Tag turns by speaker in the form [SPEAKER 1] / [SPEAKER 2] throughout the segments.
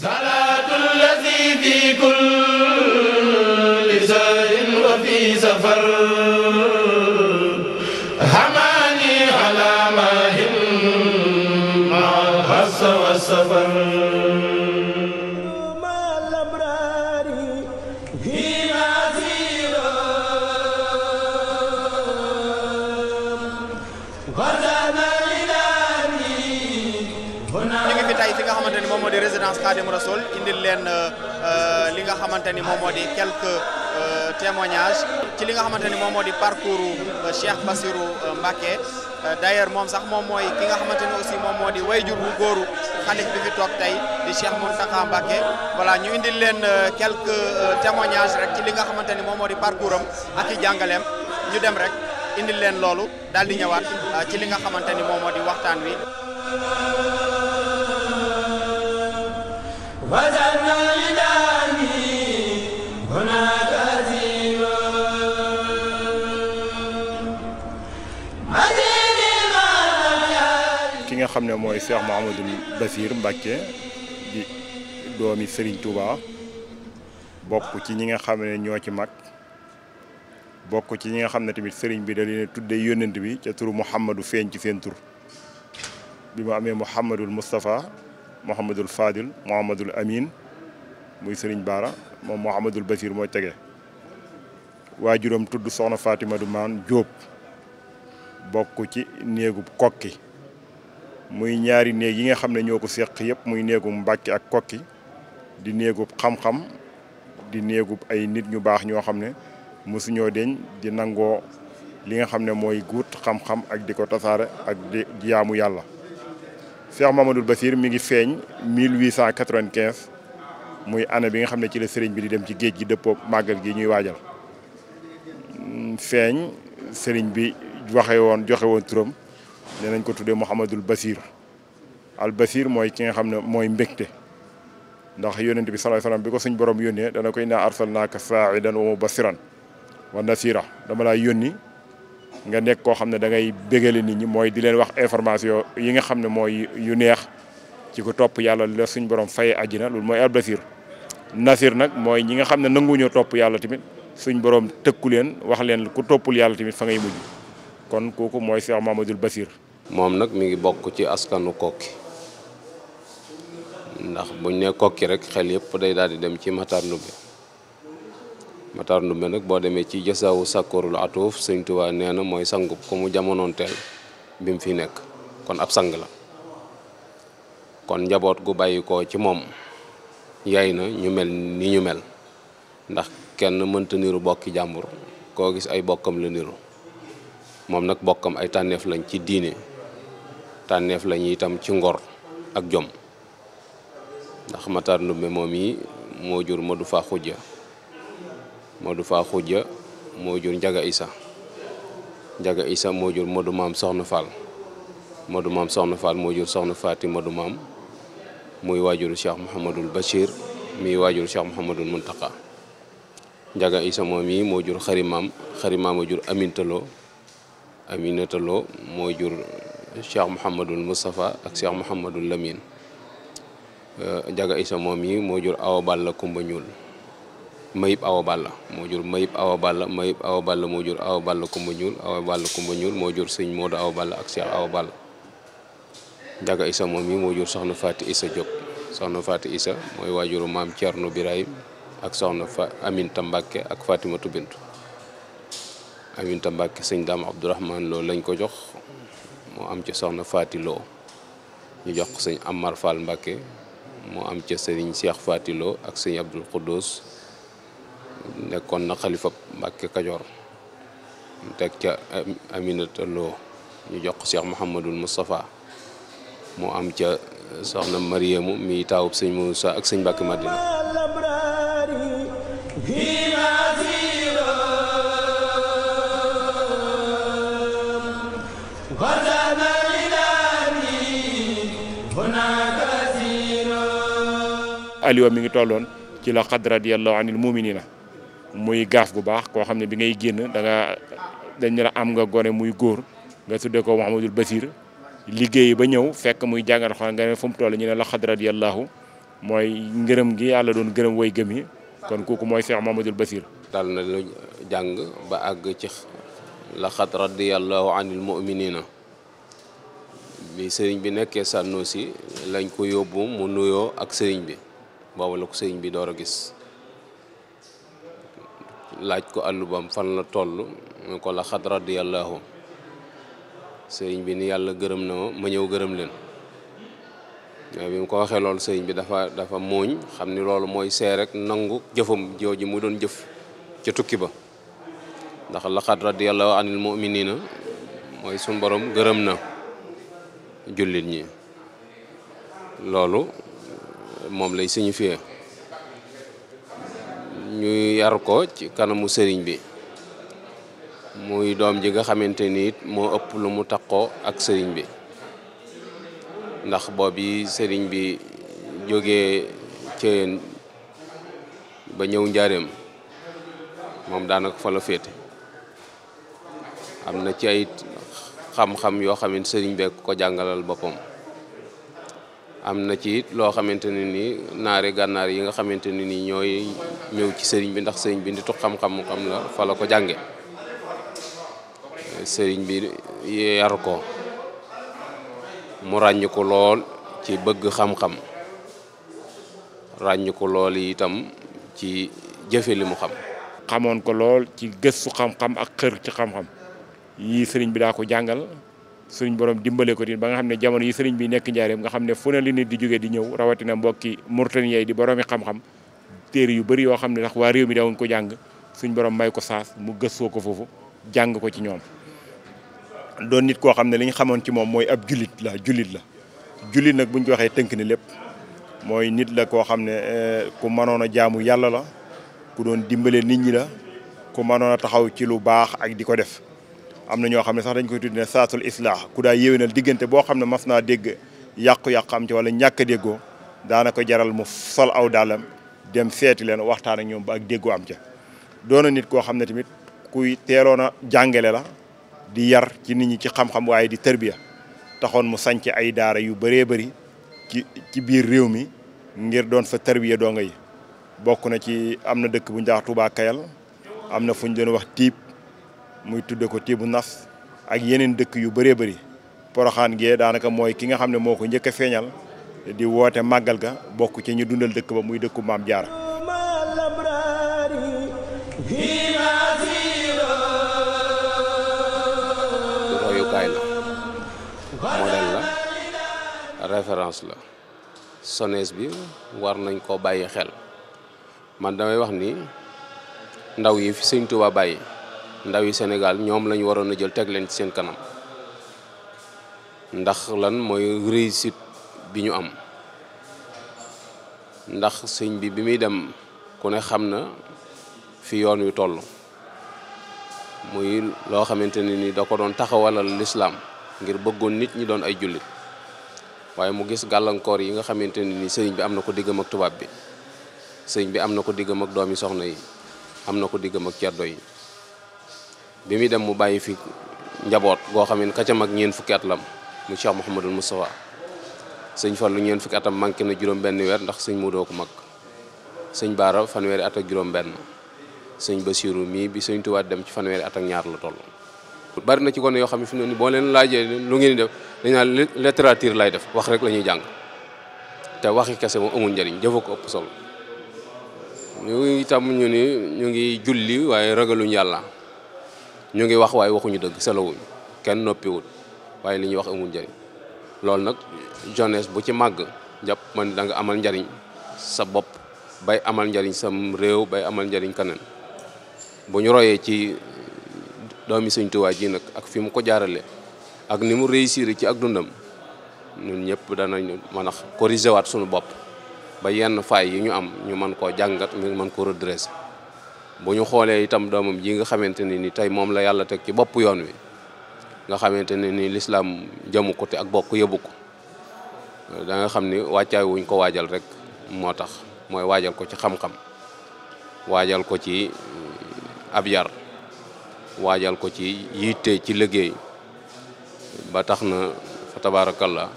[SPEAKER 1] صلاة الذي في كل زار وفي سفر حماني على
[SPEAKER 2] ماهن مع الحس والسفر Vada! nga xamanteni mom modi résidence Khadim
[SPEAKER 3] Rasoul indi len euh, euh li nga xamanteni mom modi quelques euh, témoignages ci li nga xamanteni mom modi parcours euh, Cheikh Bassirou mbake d'ailleurs mom sax mom moy ki nga xamanteni aussi mom modi wayjur bu goru khalif bi fi tok tay di Cheikh Moustapha mbake voilà ñu indi len quelques témoignages rek ci li nga xamanteni mom modi parcours ak jangalem ñu dem rek indi len lolu dal di ñewat ci li nga xamanteni mom modi waxtan wi Oh, oh, oh. ki nga
[SPEAKER 2] xam ne mooy Cheikh Mouhamadou Bassir Mbacké di doomi Serigne Touba bokk ci ñi nga xam ne ñoo ci mag bokk ci ñi nga xam ne tamit Serigne bi da leen tudde yónnent bi ca turu Mouhamadou feeñ ci seen tur bi mu amee Mouhamadul Moustapha Mouhamadul Fadil Mouhamadul Amin muy sëriñ Baara moom Mouhamadul Basir mooy waa waajuram tudd soxna Fatima du maan Jóob bokk ci néegub kokki muy ñaari néeg yi nga xam ne ñoo ko seq yëpp muy néegub Mbàkke ak kokki di néegub xam-xam di néegub ay nit ñu baax ñoo xam ne mosuñoo deñ di nangoo li nga xam ne mooy guut xam-xam ak di ko tasaare ak di jaamu yàlla Cheikh Mamadou Bassir mi ngi feeñ 1895 muy année bi nga xam ne ci la sëriñ bi di dem ci géej gi dëppoo màggal gi ñuy waajal mm, feeñ sëriñ bi waxe woon joxe woon turam dinañ ko tuddee Mouhamadul Bassir al Bassir mooy ki nga xam ne mooy mbégte ndax yónent bi sallallahu alayhi wasallam bi ko suñ borom yónnee dana koy naa arsalnaaka saa'idan wa mubassiran wa nasira dama laa yónni. nga nek ko xamne da ngay bégale nit ñi moy di leen wax information yi nga xamne moy yu neex ci ko top yalla la suñu borom faye àjjina loolu mooy albasir nasir nak moy ñi nga xamne nangu ñu top yalla timit suñu borom tëkku leen wax leen ku topul yalla timit fa ngay mujj kon koku moy Cheikh Mamadou Basir. mom nak mi ngi bok ci askanu kokki ndax buñ ne
[SPEAKER 1] kokki rek xel yëpp day daal di dem ci Matar bi Matar Ndumbe nak bo demé ci jasaawu sakorul atouf sëñ touba nee moy mooy ko mu jamonoon teel fi nek kon ab sang la kon njabot gu bayu ko ci mom yayna nyumel ñu mel ni ñu mel ndax kenn mënta niru bokki jàmbur ko gis ay bokkam la niru mom nak bokkam ay tanef lañ ci diiné tanef lañ itam ci ngor ak jom ndax Matar Ndumbe momi mo jur Madu fa Xujja Modou Fa Xujja moo jur Njaga Isa Njaga Isa moo jur Modou Maam Soxna Fall Modou Maam Soxna Fall moo jur Soxna Faati Modou Maam muy waajur Cheikh Mouhamadul Bachir muy waajur Cheikh Mouhamadul Muntaka Njaga Isa moom yi moo jur xarimaam xarimaam moo jur Amintaloo Amintaloo moo jur Cheikh Mouhamadul Moustapha ak Cheikh Mouhamadul Lamine euh, Njaga Isa moom yi moo jur Awa Balla Kumba Ñuul Mayib Awa Balla moo jur Mayib Awa Balla Mayib Awa moo jur Awa Balla Kumba Ñuul Awa Balla Kumba Ñuul moo jur sëñ Modou Awa Balla ak Cheikh Awa Balla Jaga Issa moom yi moo jur soxna Faati Issa Diop soxna Faati Issa mooy waajuru maam Thierno Birahim ak soxna fa Aminta Mbàkke ak Fatimatu Bintu Aminta Mbàkke sëñ Daam Abdourahman Lo lañ ko jox moo am ca soxna Faati Lo ñu jox ko sëñ Amar Fall Mbàkke moo am ca sëriñ Cheikh Faati Lo ak sëñ Abdul Quddus نكون خليفة مكة كجور تك أمينة الله نجاق سيد محمد المصطفى مو أمجا سخنا مريم مي تاوب سيد موسى أكسين باك
[SPEAKER 2] مدينة aliwa mingi tolon ci la qadra diyallahu anil mu'minina muy gaaf gu baax koo xam ne bi ngay génn da dañ la am nga gone muy góor nga tuddee ko Mouhamadul Basir liggéey ba ñëw fekk muy jàngal xanaa nga ne fu mu toll ñu ne la xad radiyallahu mooy ngërëm gi yàlla doon gërëm woy gëm yi kon kooku mooy Cheikh Mouhamadul Basir. dal na lu
[SPEAKER 1] jàng ba àgg ci laqad radiyallahu anil mu'minina bi sëriñ bi nekkee sànnoo si lañ ko yóbbu mu nuyoo ak sëriñ bi boobu la sëriñ bi door a gis. laaj ko àllubam fan la tollu mu ko la xat radiyallahu sëriñ bi ni yalla gërëm na ma ñëw gërëm leen bi mu ko waxe lol sëriñ bi dafa dafa moñ xamni ni moy mooy rek nangu jëfum joji mu doon jëf ci tukki ba ndax laqad radiyallahu anil muminina moy sun borom gërëm na jullit ñi lolou mom lay signifier ñuy yar ko ci kanamu sëriñ bi muy doom ji nga xamante nit it moo ëpp lu mu takkoo ak sëriñ bi ndax boobi sëriñ bi jóge Ceyeen ba ñëw njaareem moom daanaka fa féete am na ci ayit xam-xam yoo xamante sëriñ beek ko jàngalal boppam am na ci loo xamante ne nii naari gànnaar yi nga xamante ne nii ñooy ñëw ci sëriñ bi ndax sëriñ bi nitu xam-xam mu xam la fa ko jànge sëriñ bi yar ko mu ràññ lool ci bëgg xam-xam
[SPEAKER 2] ràññ ko lool itam ci jëfe li xam xamoon ko lool ci gëstu xam-xam ak xër ci xam-xam yii sëriñ bi daa ko jàngal suñ borom dimbalé ko tin ba nga xamné jamono yi sëriñ bi nekk njaareem nga xamné ne fu li ni di jóge di ñëw na mbokki murtaniyay di boromi xam-xam téré yu bari yo xamné tax wa réew mi dawon ko jang suñ borom may ko saas mu gëssoo ko fofu jang ko ci ñoom doon nit ko xamné liñ xamone ci mom moy ab julit la julit la julit nak buñ ko waxé tënk ni lepp moy nit la ko xamné eh, ku manono jaamu yalla la ku doon dimbalé nit ñi la ku manono taxaw ci lu baax ak diko def am na ñoo xam ne sax dañ koy tuddee saatul islah ku daa yéwénal diggante boo xam ne mas naa dégg yàqu-yàqu am ci wala ñàkk a déggoo daana jaral mu sol aw daalam dem seeti leen waxtaan ak ñoom ba ak déggoo am ca doona nit koo xam ne tamit kuy teeloon a jàngale la di yar ci nit ñi ci xam-xam waaye di tërbiya taxoon mu sanc ay daara yu bëree bëri ci ci biir réew mi ngir doon fa tërbiya donga yi bokk na ci am na dëkk bu ñu daax Kayal am na fu ñu wax tiib muy tudde ko tiibu nas ak yeneen dëkk yu bëree bëri poroxaan gee daanaka mooy ki nga xam ne moo ko njëkk feeñal di woote màggal ga bokk ci ñu dundal dëkk ba muy dëkku maam jaara royukaay la
[SPEAKER 1] modèle la la sonees bi war nañ koo bàyyi xel man damay wax ni ndaw yi fi Sëñ bàyyi ndaw yi Sénégal ñoom lañu waroon a jël teg leen ci seen kanam ndax lan mooy sit bi ñu am ndax sëñ bi bi muy dem ku ne xam na fi yoon wi toll muy loo xamante ne ni da ko doon taxawalal lislaam ngir bëggoon nit ñi doon ay jullit waaye mu gis gàllankoor yi nga xamante ne ni sëñ bi am na ko diggam ak tubaab bi sëñ bi am na ko diggam ak doomi soxna yi am na ko diggam ak ceddo yi bi mi dem mu bayyi fi njabot go xamni ka ca mag ñeen fukki at lam mu Cheikh al mustafa seigne Fallu ñeen fukki atam manki na juroom benn wer ndax seigne mudo ko mag sëñ Baara fanweeri at ak juroom benn seigne basirou mi bi seigne touba dem ci fanweeri at ak ñaar la toll. bari na ci gone yo xamni ne fi mu bo nii boo leen laajee lu ngeen def dañ na literature lay def wax rek lañuy jang te waxi kese mo amul njëriñ jëfa ko ëpp solo ñu itam ñu ni ñu ngi julli waye ragalu ñalla ñu ngi wax waaye waxuñu dëgg selowuñu kenn noppiwut waaye li ñuy wax amul njëriñ loolu nag jeunesse bu ci màgg jàpp man da nga amal njariñ sa bopp bay amal njariñ sam réew bay amal njariñ keneen bu ñu royee ci doomi Sëñ Tuubaa ji nag ak fi mu ko jaarale ak ni mu réussir ci ak dundam ñun ñëpp danañ mën a corriger waat suñu bopp ba yenn faay yi ñu am ñu mën koo jàngat ñu mën ko redresser bu ñu xoolee itam doomam ji nga xamante ne ni tey moom la yàlla teg ci bopp yoon wi nga xamante ne ni lislaam jëmu ko te ak bokk yëbu ko da xam ni wàccaay wuñ ko waajal rek moo tax mooy waajal ko ci xam waajal ko ci euh, ab yar waajal ko ci yitte ci liggéey ba tax na fa tabaarakallaa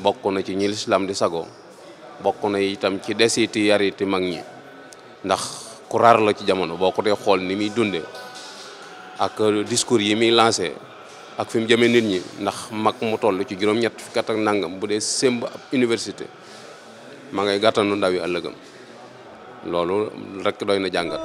[SPEAKER 1] bokk na ci ñi lislaam di sago bokk na itam ci desiti yariti mag ñi ndax ku raar la ci jamono boo ko dee xool ni muy dunde ak discours yi muy lancé ak fi mu jëmee nit ñi ndax mag mu toll ci juróom-ñett fukki at ak nangam bu dee semb ab université ma ngay gàttanu ndaw yi ëllëgam loolu rekk doy na jàngat.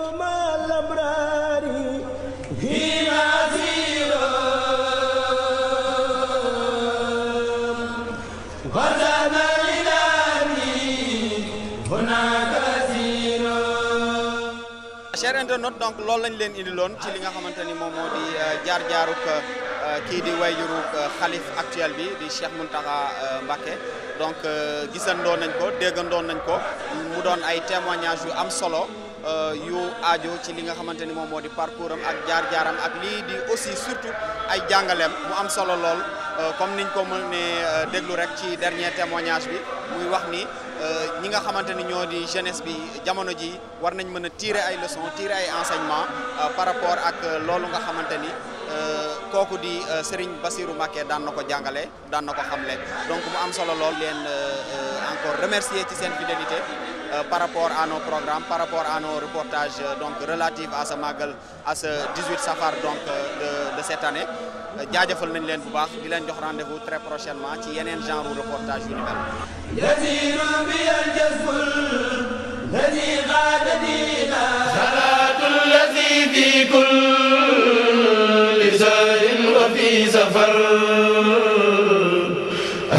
[SPEAKER 3] internautes donc loolu lañ leen indiloon ci li nga xamante ni moom moo di euh, jaar jaaruk euh, kii di wayjuruk euh, xalif actuel bi di Cheikh Mountakha Mbacké donc gisandoo nañ ko déggandoon nañ ko mu doon ay témoignages yu am solo yu aajo ci li nga xamante ni moom moo di parcours am ak jaar jaaram ak lii di aussi surtout ay jàngaleem mu am solo lool comme niñ ko mënee déglu rek ci dernier témoignage bi muy wax ni. Euh, ñi nga xamanteni ñoo di jeunesse bi jamono ji war nañ mëna a tirer ay leçons tirer ay enseignements euh, par rapport ak euh, loolu nga xamanteni ni kooku di Serigne Bassirou Mbacké dan nako ko dan nako xamlé donc mu am solo lool len encore remercier ci sen fidélité par rapport à nos programmes par rapport à nos reportages donc relatifs à ce Magal à ce 18 Safar donc de de cette année jaajeufal nañ leen bu baax di leen jox rendez-vous très prochainement ci yeneen genre reportage yu ni mel yasiru bi al jazbul ladi qaada dina salaatul ladi fi
[SPEAKER 1] kulli wa fi safar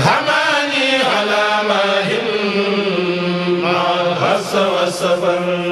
[SPEAKER 1] hamani